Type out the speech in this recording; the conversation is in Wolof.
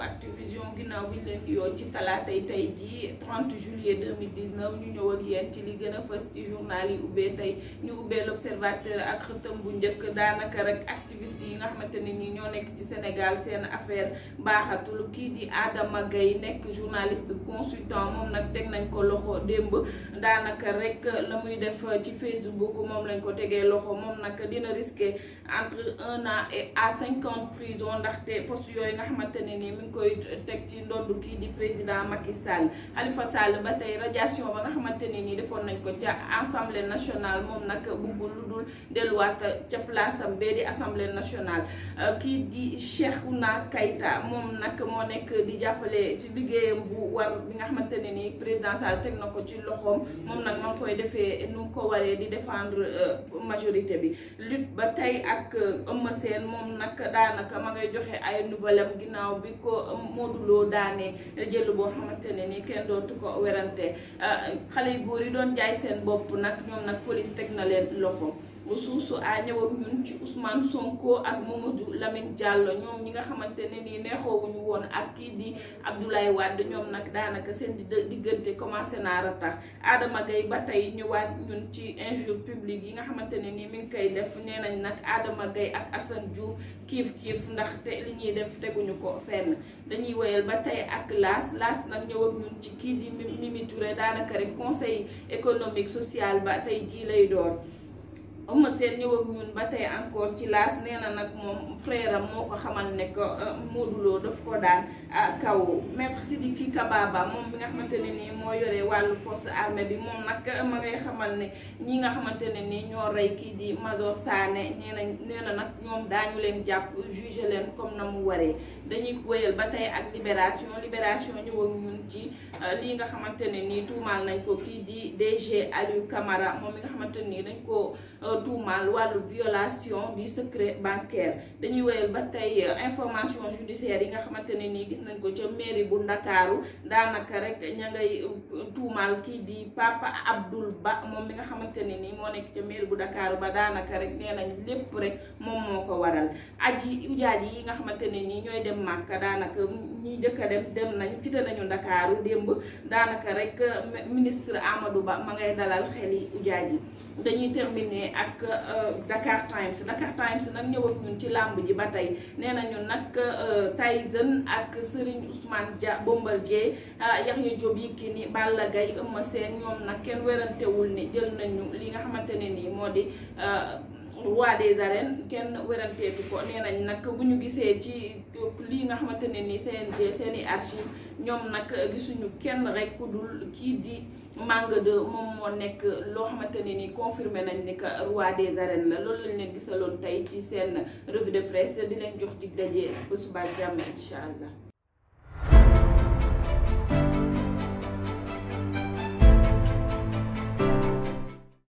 Activision ginnaaw bi ñu leen di yoo ci talaata yi tey jii 30 juillet 2019 ñu ñëw ak yéen ci li gën a ci journal yi ubbee tey ñu ubbee l'observateur ak xëtam bu njëkk daanaka rek activiste yi nga xamante ñi ñoo nekk ci Sénégal seen affaire baaxatul kii di Adama Gaye nekk journaliste consultant moom nag teg nañ ko loxo démb daanaka rek la muy def ci Facebook moom lañ ko tegee loxo moom nag dina risquer entre un an et à cinq ans de prison ndaxte yooyu nga xamante ngi koy teg ci ndoddu kii di président Macky Sall Khalifa Sall ba tey radiation ba nga xamante ne nii defoon nañ ko ca assemblée nationale moom nag buggul lu dul delluwaat ca place am bee di assemblée nationale euh, kii di Cheikhouna Keita moom nag moo nekk di jàppale ci liggéeyam bu war bi nga xamante ne nii président Sall teg na ko ci loxoom moom nag ma ngi koy defee nu ko waree di défendre euh, majorité bi lutte ba tey ak euh, Eumeu Sène moom nag daanaka ma ngay joxe ay ko Modou Lo daane jël boo xamante ne ni kenn dootu ko werante ah, xale yu góor yi doon jaay seen bopp nag ñoom nag police teg na leen loxo. source a ñëw ñun ci Ousmane Sonko ak Mamadou Lamine Diallo ñoom ñi nga xamante ne nii neexoowuñu woon ak kii di Abdoulaye Wade ñoom nag daanaka seen diggante commencé naa ratax Adama Gaye ba tey ñëwaat ñun ci injure publique yi nga xamante ne nii mi ngi koy def nee nañ nag Adama Gaye ak Assane Diouf kiif kiif ndaxte li ñuy def teguñu ko fenn dañuy woyal ba tey ak laas laas nag ñëw ñun ci kii di Mimi Touré daanaka rek conseil économique social ba tey jii lay door Eumeu Sène ñëw ñun ba tey encore ci laas nee na nag moom frère am moo ko xamal ne que euh, Modou Lo daf ko daan euh, kaw maître Sidiki Kababa moom bi nga nii moo yore wàllu force armée bi moom nag euh, ma ngay xamal ne ñi nga xamante ne nii ñoo rey kii di Major Sané nee na nee nag ñoom daañu leen jàpp juger leen comme na mu waree dañuy wéyal ba tey ak libération libération ñëw ñun ci lii nga xamante ne nii tuumaal nañ ko kii di DG Aliou Camara moom mi nga xamante ne nii dañ ko tuumaal wàllu violation di secret bancaire dañuy wéyal ba tey euh, information judiciaire yi nga xamante ne nii gis nañ ko ca mairie bu Ndakaaru daanaka rek ña ngay euh, tuumaal kii di Papa Abdoul Ba moom mi nga xamante ne nii moo nekk ca mairie bu Ndakaaru ba daanaka rek nee nañ lépp rek moom moo ko waral yi ujaaj yi nga xamante ne nii ñooy dem Màkka daanaka ñi njëkk a dem dem nañ quitté nañu Ndakaaru démb daanaka rek euh, ministre Amadou Ba ma ngay dalal xel ak euh, Dakar Times Dakar Times nag ñëw ñun ci làmb ji ba tey nee nañu nag euh, Tyson ak Serigne Ousmane Dia Bombardier ah, yi Diop ni Balla Gaye Eumeu Sène ñoom nag kenn werantewul ni jël nañu li nga xamante ne nii moo di euh, roi des arènes kenn wéranteetu ko nee nañ nag bu ñu gisee ci lii nga xamante ne ni CNG seen i archive ñoom nag gisuñu kenn rek ku dul kii di Manga 2 moom moo nekk loo xamante ne nii confirmé nañ ni que roi des arènes la lool lañ leen gisaloon tey ci seen revue de presse di leen jox di daje ba suba jàmm incha allah.